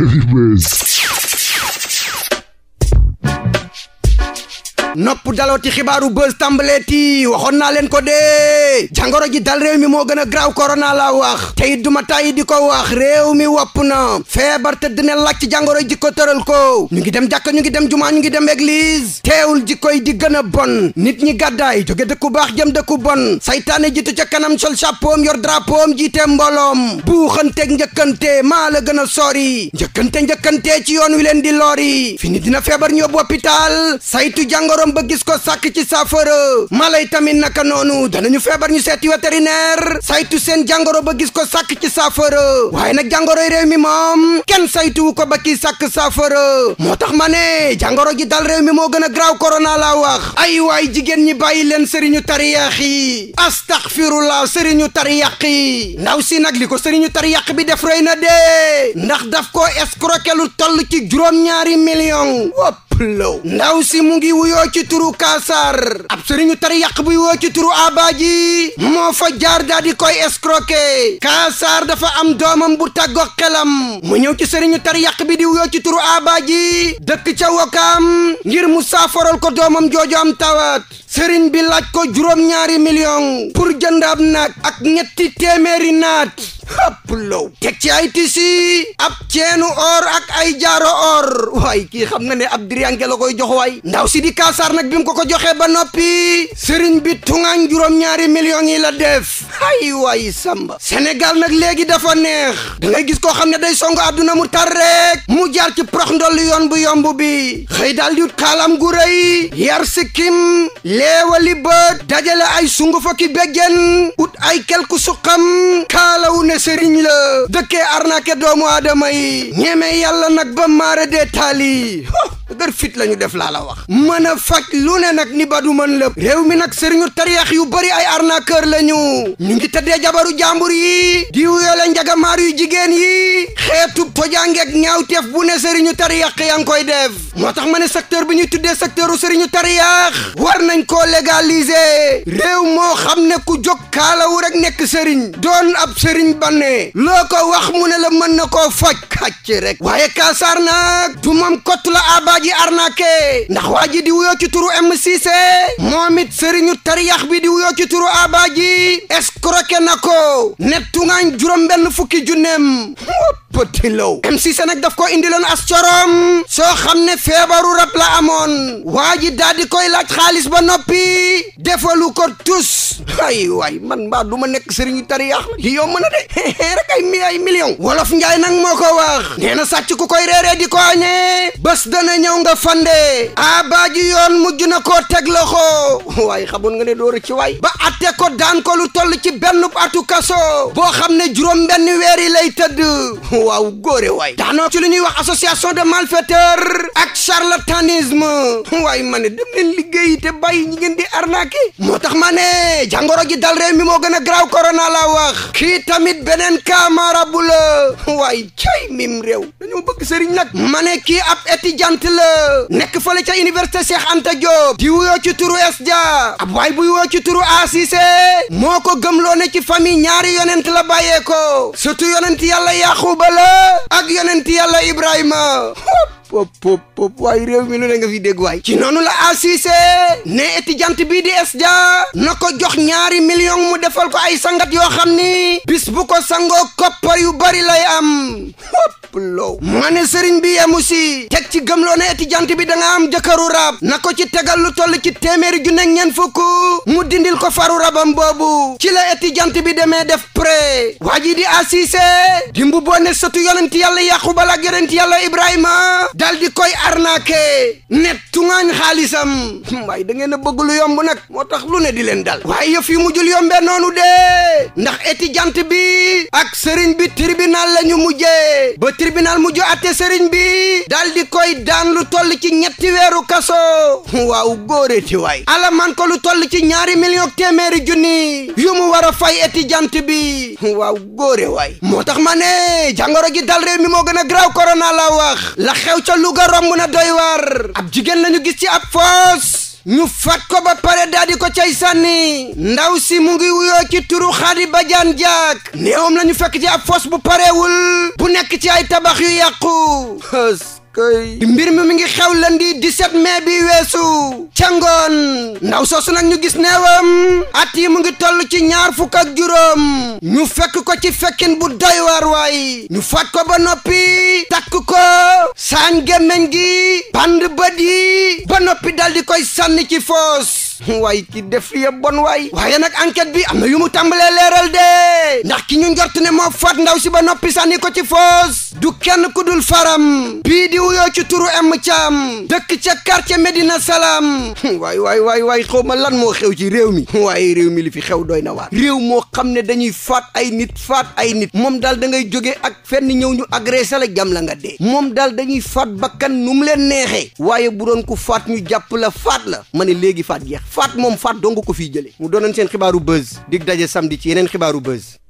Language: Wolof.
Anyways. nopp dalooti xibaaru buzz tàmbaleeti waxoon naa leen ko dee jàngoro ji dal réew mi moo gën a graaw korona la wax tey it duma tàyyi di ko wax réew mi wopp na feebar te dina laaj ci jàngoro jikko ko tëral ko ñu ngi dem jàkk ñu ngi dem jumaa ñu ngi dem église teewul ji koy di gën a bon nit ñi gàddaay jóge dëkku baax jëm dëkku bon saytaane jiitu ca kanam sol chapeau yor drapeau jiite mbooloom buuxanteeg njëkkante maa la gën a sori njëkkante njëkkante ci yoon wi leen di lori fini dina feebar ñu yóbbu saytu jàngoro ba gis ko sàkk ci saafara mala yi tamit naka noonu danañu feebar ñu seeti vétérinaire saytu seen jàngoro ba gis ko sàkk ci saafara waaye nag jàngoroy réew mi moom kenn saytuwu ko ba kii sàkk saafara moo tax ma ne jàngoro ji dal réew mi moo gën a graaw korona la wax ay waay jigéen ñi bàyyi leen sëriñu tariyax yi astaxfirullah sëriñu tariyax yi ndaw si nag li ko sëriñu tariyax bi def rey na de ndax daf ko escroquer lu toll ci juróom-ñaari million Lo ndaw si mu ngi wuyoo ci turu Kaasar ab sëriñu tari yàq buy wuyoo ci turu Abaaji moo fa jaar daa di koy escroquer Kaasar dafa am doomam bu tàggo xelam mu ñëw ci sëriñu tari yàq bi di wuyoo ci turu Abaaji dëkk ca Wakaam ngir mu saafaral ko doomam jooju am tawat sëriñ bi laaj ko juróom-ñaari million pour jënd ab nag ak ñetti téeméeri naat haplow teg ci ay tisi ab ceenu or ak ay jaaro or waay kii xam nga ne ab diriyanke la koy jox waay ndaw si di kaasaar nag bi ko ko joxe ba noppi sëriñ bi tungaan juróom-ñaari millions yi la def ay waay samba Sénégal nag léegi dafa neex da gis koo xam ne day songo àdduna mu tar rek mu jaar ci prox ndoll yoon bu yomb bi xëy daal di wut kaalam gu yar sikkim leewali bët dajale ay sungu fa ki béggeen ut ay quelque suqam kaalawu ne ne sëriñ la dëkkee arnaqué doomu adama yi ñeme yàlla nag ba maare dee taali dëgër fit la ñu def laa la wax mën a faj lu ne nag ni ba du mën lépp réew mi nag sëriñu tariyax yu bari ay arnaqueur la ñu ñu ngi tëddee jabaru jàmbur yi di wuyole njagamaar yu jigéen yi xeetu tojangeeg ñaawteef bu ne sëriñu tariyax yaa koy def moo tax ma ne secteur bi ñuy tuddee secteuru sëriñu tariyax war nañ koo légaliser réew moo xam ne ku jóg kaalawu rek nekk sëriñ doon ab sëriñ banne loo ko wax mu ne la mën na ko faj kàcc rek waaye kaasaar waa ji arnaqué ndax waa ji di wuyoo ci turu M Cissé moom it sëriñu tariyax bi di wuyoo ci turu Aba ji escroqué na ko nettu ngaañ juróom benn fukki junneem pëti law M Cissé nag daf ko indiloon as corom soo xam ne feebaru rab la amoon waa ji daal di koy laaj xaalis ba noppi defalu ko tus ay waay man mbaa du ma nekk sëriñu tariyax li yomb na de rek ay mi ay wolof njaay nag moo ko wax nee na koy reeree ko añee bés danañ ñëw nga fande abaaji yoon mujj na ko teg loxo waaye xamoon nga ne doo ci waay ba atte ko daan ko lu toll ci benn atu kaso boo xam ne juróom benn weer yi lay tëdd waaw góore waay daanoo ci lu ñuy wax association de malfaiteurs ak charlatanisme waaye ma ne dem leen liggéey te bàyyi ñi ngeen di arnaqué moo tax ma ne jàngoro ji dal réew mi moo gën a garaaw corona la wax kii tamit beneen kaamara bu la waaye cay mim réew dañoo bëgg sëriñ nag ma ne kii ab étudiant Sall nekk fële ca université Cheikh Anta Diop di wuyoo ci turu Esdia ab waay buy wuyoo ci turu Asise moo ko gëmloo ne ci famille ñaari yonent la bàyyee ko surtout yonent yàlla Yaxuba la ak yonent yàlla Ibrahima pop pop pop waaye mi nga fi dégg waay ci noonu la assise ne étudiant bii di SDIA na ko jox ñaari million mu defal ko ay sangat yoo xam ni bis bu ko sangoo koppar yu bari lay am hop low ma sëriñ bi yemu si teg ci gëmloo ne étudiant bi da nga am jëkkëru rab na ko ci tegal lu toll ci téeméeri ju nekk ñeent fukk mu dindil ko faru rabam boobu ci la étudiant bi demee def pré waa ji di assise dimbu boo ne sëtu yonent yàlla yàqubal ak yonent ibrahima dal di koy arnaqué net tuŋaañ xaalisam waaye da ngeen a yomb nag moo tax lu ne di leen dal waaye yëf yi mujjul yombee noonu dee ndax étudiant bi ak sëriñ bi tribunal la ñu mujjee ba tribunal mujj atte sëriñ bi dal di koy daan lu toll ci ñetti weeru kaso waaw góore ti waay ala man ko lu toll ci ñaari million téeméeri junni yu mu war a fay étudiant bi waaw góore waay moo tax ma ne jàngoro dal réew mi moo gën a graw corona la wax la xew ca Louga romb na doy waar ab jigéen lañu gis ci ab foos ñu fat ko ba pare daal ko cay sànni ndaw si mu ngi wuyoo ci turu Xadi Bajaan Jaak néewam la fekk ci ab fos bu parewul bu nekk ci ay tabax yu yàqu kay mbir mi mi ngi xew lundi 17 mai bi weesu ca ngoon ndaw soosu nag ñu gis neewam at yi mu ngi toll ci ñaar fukk ak juróom ñu fekk ko ci fekkin bu doy waar waay ñu faat ko ba noppi takk ko saañ gémmiñ gi band bët yi ba noppi dal di koy sànni ci foos waaye ki def ya bon waay waaye nag enquête bi am yu mu tàmbalee leeral de ndax ki ñu njort ne moo faat ndaw si ba noppi sànni ko ci foos du kenn ku dul faram bii di wuyoo ci turu M Thiam dëkk ca quartier Medina Salaam waaye waaye waay waay xaw ma lan moo xew ci réew mi waaye réew mi li fi xew doy na waar réew moo xam ne dañuy faat ay nit faat ay nit moom daal da ngay jóge ak fenn ñëw ñu agressé la jam la nga dee moom daal dañuy faat bakkan nu mu leen neexee waaye bu doon ko faat ñu jàpp la faat la ma ne léegi faat jeex faat moom faat dong ko fii jëlee mu doonoon seen xibaaru buzz dig daje samedi ci yeneen xibaaru buzz